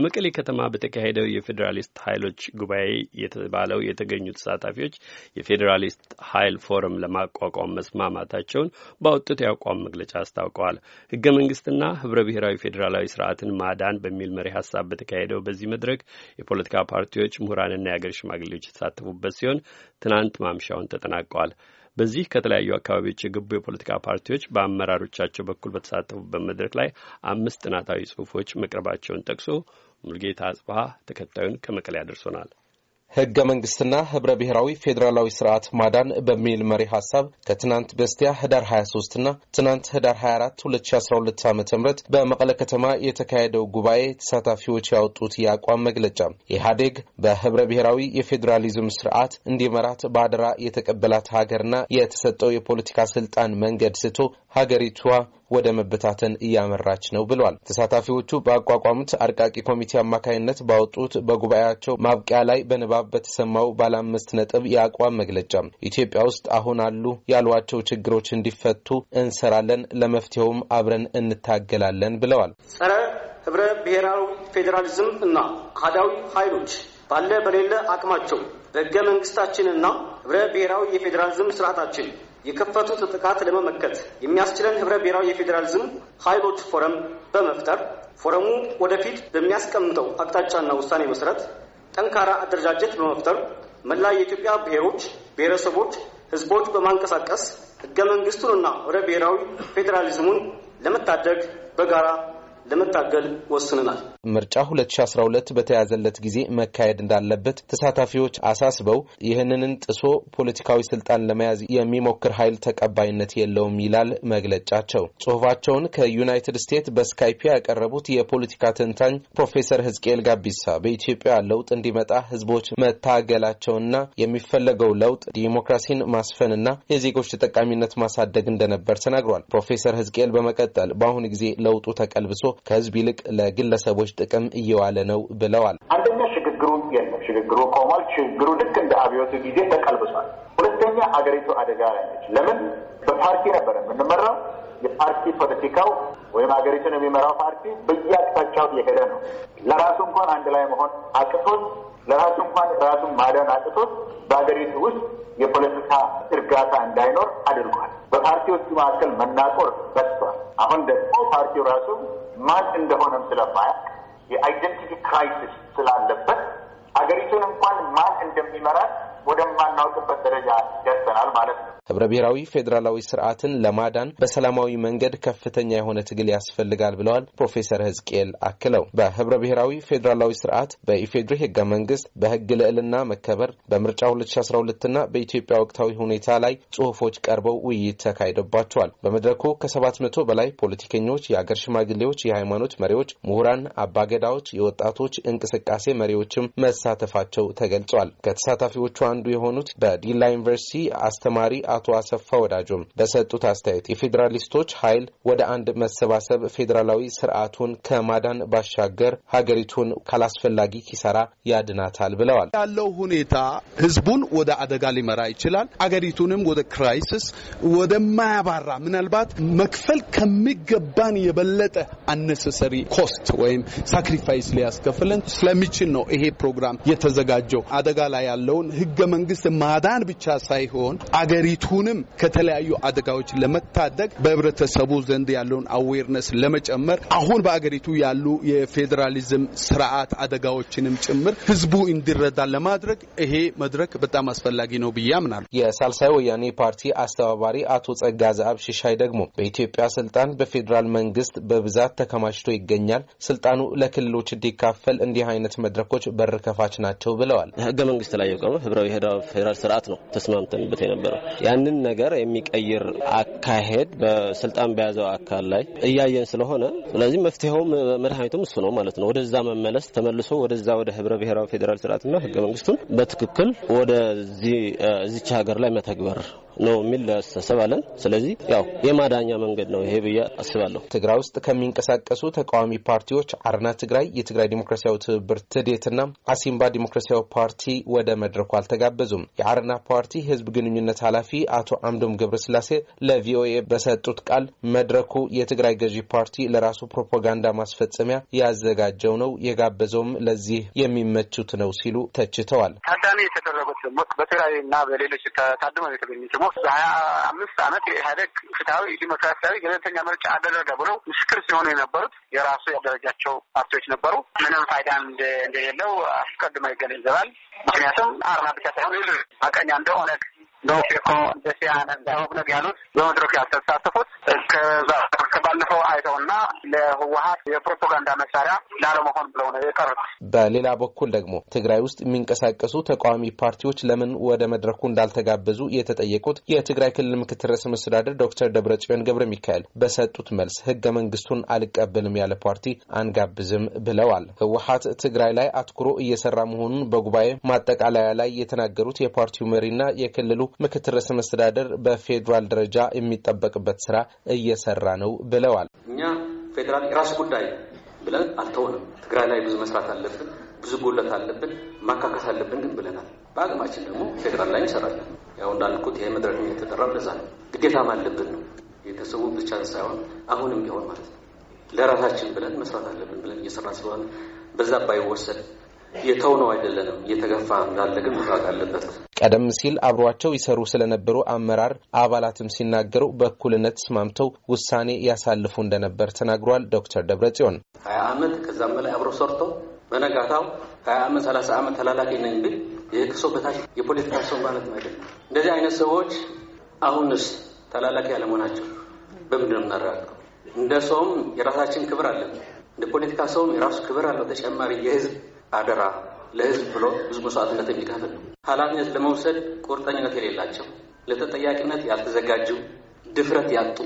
በመቀሌ ከተማ በተካሄደው የፌዴራሊስት ኃይሎች ጉባኤ የተባለው የተገኙ ተሳታፊዎች የፌዴራሊስት ኃይል ፎረም ለማቋቋም መስማማታቸውን ባወጡት የአቋም መግለጫ አስታውቀዋል። ህገ መንግስትና ህብረ ብሔራዊ ፌዴራላዊ ስርዓትን ማዳን በሚል መሪ ሀሳብ በተካሄደው በዚህ መድረክ የፖለቲካ ፓርቲዎች ምሁራንና የአገር ሽማግሌዎች የተሳተፉበት ሲሆን ትናንት ማምሻውን ተጠናቀዋል። በዚህ ከተለያዩ አካባቢዎች የገቡ የፖለቲካ ፓርቲዎች በአመራሮቻቸው በኩል በተሳተፉበት መድረክ ላይ አምስት ጥናታዊ ጽሁፎች መቅረባቸውን ጠቅሶ ሙልጌታ አጽባሀ ተከታዩን ከመቀሌ አድርሶናል። ህገ መንግስትና ህብረ ብሔራዊ ፌዴራላዊ ስርዓት ማዳን በሚል መሪ ሀሳብ ከትናንት በስቲያ ህዳር 23ና ትናንት ህዳር 24 2012 ዓ ም በመቀለ ከተማ የተካሄደው ጉባኤ ተሳታፊዎች ያወጡት የአቋም መግለጫ ኢህአዴግ በህብረ ብሔራዊ የፌዴራሊዝም ስርዓት እንዲመራት በአደራ የተቀበላት ሀገርና የተሰጠው የፖለቲካ ስልጣን መንገድ ስቶ ሀገሪቷ ወደ መበታተን እያመራች ነው ብሏል። ተሳታፊዎቹ በአቋቋሙት አርቃቂ ኮሚቴ አማካኝነት ባወጡት በጉባኤያቸው ማብቂያ ላይ በንባ በተሰማው ባለ አምስት ነጥብ የአቋም መግለጫ ኢትዮጵያ ውስጥ አሁን አሉ ያሏቸው ችግሮች እንዲፈቱ እንሰራለን፣ ለመፍትሄውም አብረን እንታገላለን ብለዋል። ጸረ ህብረ ብሔራዊ ፌዴራሊዝም እና አህዳዊ ኃይሎች ባለ በሌለ አቅማቸው በህገ መንግስታችንና ህብረ ብሔራዊ የፌዴራሊዝም ስርዓታችን የከፈቱት ጥቃት ለመመከት የሚያስችለን ህብረ ብሔራዊ የፌዴራሊዝም ኃይሎች ፎረም በመፍጠር ፎረሙ ወደፊት በሚያስቀምጠው አቅጣጫና ውሳኔ መሰረት ጠንካራ አደረጃጀት በመፍጠር መላ የኢትዮጵያ ብሔሮች፣ ብሔረሰቦች፣ ህዝቦች በማንቀሳቀስ ህገ መንግስቱንና ወደ ብሔራዊ ፌዴራሊዝሙን ለመታደግ በጋራ ለመታገል ወስንናል። ምርጫ 2012 በተያዘለት ጊዜ መካሄድ እንዳለበት ተሳታፊዎች አሳስበው ይህንንን ጥሶ ፖለቲካዊ ስልጣን ለመያዝ የሚሞክር ኃይል ተቀባይነት የለውም ይላል መግለጫቸው። ጽሁፋቸውን ከዩናይትድ ስቴትስ በስካይፕ ያቀረቡት የፖለቲካ ተንታኝ ፕሮፌሰር ህዝቅኤል ጋቢሳ በኢትዮጵያ ለውጥ እንዲመጣ ህዝቦች መታገላቸውና የሚፈለገው ለውጥ ዲሞክራሲን ማስፈንና የዜጎች ተጠቃሚነት ማሳደግ እንደነበር ተናግሯል። ፕሮፌሰር ህዝቅኤል በመቀጠል በአሁኑ ጊዜ ለውጡ ተቀልብሶ ከህዝብ ይልቅ ለግለሰቦች ጥቅም እየዋለ ነው ብለዋል። አንደኛ ሽግግሩ የለም፣ ሽግግሩ ቆሟል። ሽግግሩ ልክ እንደ አብዮቱ ጊዜ ተቀልብሷል። ሁለተኛ አገሪቱ አደጋ ላይ ነች። ለምን? በፓርቲ ነበር የምንመራው። የፓርቲ ፖለቲካው ወይም ሀገሪቱን የሚመራው ፓርቲ በየአቅጣጫው የሄደ ነው። ለራሱ እንኳን አንድ ላይ መሆን አቅቶት ለራሱ እንኳን ራሱን ማዳን አቅቶት በሀገሪቱ ውስጥ የፖለቲካ እርጋታ እንዳይኖር አድርጓል። በፓርቲዎቹ መካከል መናቆር በስቷል። አሁን ደግሞ ፓርቲው ራሱ ማን እንደሆነም ስለማያውቅ የአይደንቲቲ ክራይሲስ ስላለበት ሀገሪቱን እንኳን ማን እንደሚመራት ወደማናውቅበት ደረጃ ደርሰናል ማለት ነው። ህብረ ብሔራዊ ፌዴራላዊ ስርዓትን ለማዳን በሰላማዊ መንገድ ከፍተኛ የሆነ ትግል ያስፈልጋል ብለዋል ፕሮፌሰር ህዝቅኤል አክለው በህብረ ብሔራዊ ፌዴራላዊ ስርዓት በኢፌዴሪ ህገ መንግስት በህግ ልዕልና መከበር በምርጫ 2012 እና በኢትዮጵያ ወቅታዊ ሁኔታ ላይ ጽሁፎች ቀርበው ውይይት ተካሂደባቸዋል። በመድረኩ ከ700 በላይ ፖለቲከኞች፣ የአገር ሽማግሌዎች፣ የሃይማኖት መሪዎች፣ ምሁራን፣ አባገዳዎች፣ የወጣቶች እንቅስቃሴ መሪዎችም መሳተፋቸው ተገልጿል። ከተሳታፊዎቹ አንዱ የሆኑት በዲላ ዩኒቨርሲቲ አስተማሪ አቶ አሰፋ ወዳጆም በሰጡት አስተያየት የፌዴራሊስቶች ኃይል ወደ አንድ መሰባሰብ ፌዴራላዊ ስርዓቱን ከማዳን ባሻገር ሀገሪቱን ካላስፈላጊ ኪሳራ ያድናታል ብለዋል። ያለው ሁኔታ ህዝቡን ወደ አደጋ ሊመራ ይችላል። አገሪቱንም ወደ ክራይሲስ ወደማያባራ ምናልባት መክፈል ከሚገባን የበለጠ አነሰሰሪ ኮስት ወይም ሳክሪፋይስ ሊያስከፍልን ስለሚችል ነው ይሄ ፕሮግራም የተዘጋጀው። አደጋ ላይ ያለውን ህግ ህገ መንግስት ማዳን ብቻ ሳይሆን አገሪቱንም ከተለያዩ አደጋዎች ለመታደግ በህብረተሰቡ ዘንድ ያለውን አዌርነስ ለመጨመር አሁን በአገሪቱ ያሉ የፌዴራሊዝም ስርዓት አደጋዎችንም ጭምር ህዝቡ እንዲረዳ ለማድረግ ይሄ መድረክ በጣም አስፈላጊ ነው ብዬ አምናለሁ። የሳልሳይ ወያኔ ፓርቲ አስተባባሪ አቶ ጸጋ ዘአብ ሽሻይ ደግሞ በኢትዮጵያ ስልጣን በፌዴራል መንግስት በብዛት ተከማችቶ ይገኛል። ስልጣኑ ለክልሎች እንዲካፈል እንዲህ አይነት መድረኮች በር ከፋች ናቸው ብለዋል። ህገ መንግስት ላይ የቀሩ ህብራዊ ፌዴራል ስርዓት ነው ተስማምተንበት የነበረው። ያንን ነገር የሚቀይር አካሄድ በስልጣን በያዘው አካል ላይ እያየን ስለሆነ ስለዚህ መፍትሄውም መድኃኒቱም እሱ ነው ማለት ነው። ወደዛ መመለስ ተመልሶ ወደዛ ወደ ህብረ ብሔራዊ ፌዴራል ስርዓትና ህገ መንግስቱን በትክክል ወደዚህ እዚች ሀገር ላይ መተግበር ነው የሚል አስተሳሰብ አለን። ስለዚህ ያው የማዳኛ መንገድ ነው ይሄ ብዬ አስባለሁ። ትግራይ ውስጥ ከሚንቀሳቀሱ ተቃዋሚ ፓርቲዎች አርና ትግራይ፣ የትግራይ ዲሞክራሲያዊ ትብብር ትዴትና አሲምባ ዲሞክራሲያዊ ፓርቲ ወደ መድረኩ አልተጋበዙም። የአርና ፓርቲ ህዝብ ግንኙነት ኃላፊ አቶ አምዶም ገብረስላሴ ለቪኦኤ በሰጡት ቃል መድረኩ የትግራይ ገዢ ፓርቲ ለራሱ ፕሮፓጋንዳ ማስፈጸሚያ ያዘጋጀው ነው የጋበዘውም ለዚህ የሚመቹት ነው ሲሉ ተችተዋል። ታዳሚ የተደረጉት በትግራይ እና በሌሎች ታድመው የተገኙት ኦልሞስት ሀያ አምስት አመት የኢህአዴግ ፍትሀዊ ዲሞክራሲያዊ ገለልተኛ ምርጫ አደረገ ብሎ ምስክር ሲሆኑ የነበሩት የራሱ ያደረጃቸው ፓርቲዎች ነበሩ። ምንም ፋይዳ እንደሌለው አስቀድሞ ይገነዘባል። ምክንያቱም አርማ ብቻ ሳይሆን አቀኛ እንደ ኦነግ እንደ ኦፌኮ እንደ ሲያነ እንደ ኦብነግ ያሉት በመድረክ ያልተሳተፉት ከዛ ባለፈው አይተውና ለህወሀት የፕሮፓጋንዳ መሳሪያ ላለመሆን ብለው ነው የቀሩት። በሌላ በኩል ደግሞ ትግራይ ውስጥ የሚንቀሳቀሱ ተቃዋሚ ፓርቲዎች ለምን ወደ መድረኩ እንዳልተጋበዙ የተጠየቁት የትግራይ ክልል ምክትል ርዕሰ መስተዳደር ዶክተር ደብረጽዮን ገብረ ሚካኤል በሰጡት መልስ ህገ መንግስቱን አልቀበልም ያለ ፓርቲ አንጋብዝም ብለዋል። ህወሀት ትግራይ ላይ አትኩሮ እየሰራ መሆኑን በጉባኤ ማጠቃለያ ላይ የተናገሩት የፓርቲው መሪና የክልሉ ምክትል ርዕሰ መስተዳደር በፌዴራል ደረጃ የሚጠበቅበት ስራ እየሰራ ነው ብለዋል። እኛ ፌዴራል የራሱ ጉዳይ ብለን አልተውንም። ትግራይ ላይ ብዙ መስራት አለብን፣ ብዙ ጎለት አለብን፣ ማካከት አለብን ግን ብለናል። በአቅማችን ደግሞ ፌዴራል ላይ እንሰራለን። ያው እንዳልኩት ይህ መድረክ የተጠራ ለዛ ነው፣ ግዴታም አለብን ነው የተሰቡ ብቻ ሳይሆን አሁንም ቢሆን ማለት ነው ለራሳችን ብለን መስራት አለብን ብለን እየሰራን ስለሆነ በዛ ባይወሰድ የተው ነው አይደለንም፣ እየተገፋ እንዳለ ግን መስራት አለበት። ቀደም ሲል አብሯቸው ይሰሩ ስለነበሩ አመራር አባላትም ሲናገሩ በእኩልነት ተስማምተው ውሳኔ ያሳልፉ እንደነበር ተናግሯል። ዶክተር ደብረጽዮን ሀያ ዓመት ከዛም በላይ አብሮ ሰርቶ በነጋታው ሀያ አመት ሰላሳ አመት ተላላቂ ነኝ ብል ይህ ሰው በታች የፖለቲካ ሰው ማለት ነው አይደለም። እንደዚህ አይነት ሰዎች አሁንስ ተላላቂ ያለመሆናቸው በምንድን ነው የምናረጋግጠው? እንደ ሰውም የራሳችን ክብር አለን። እንደ ፖለቲካ ሰውም የራሱ ክብር አለው። ተጨማሪ የህዝብ አደራ ለህዝብ ብሎ ብዙ መስዋዕትነት የሚከፍል ነው። ኃላፊነት ለመውሰድ ቁርጠኝነት የሌላቸው፣ ለተጠያቂነት ያልተዘጋጁ፣ ድፍረት ያጡ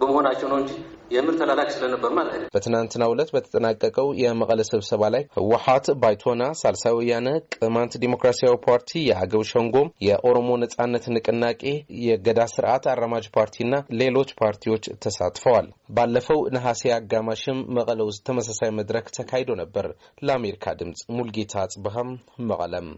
በመሆናቸው ነው እንጂ የምር ተላላኪ ስለነበር ማለት በትናንትናው ዕለት በተጠናቀቀው የመቀለ ስብሰባ ላይ ህወሀት፣ ባይቶና፣ ሳልሳይ ወያነ፣ ቅማንት ዲሞክራሲያዊ ፓርቲ፣ የአገው ሸንጎም፣ የኦሮሞ ነጻነት ንቅናቄ፣ የገዳ ስርዓት አራማጅ ፓርቲና ሌሎች ፓርቲዎች ተሳትፈዋል። ባለፈው ነሐሴ አጋማሽም መቀለ ውስጥ ተመሳሳይ መድረክ ተካሂዶ ነበር። ለአሜሪካ ድምጽ ሙልጌታ አጽብሃም መቀለም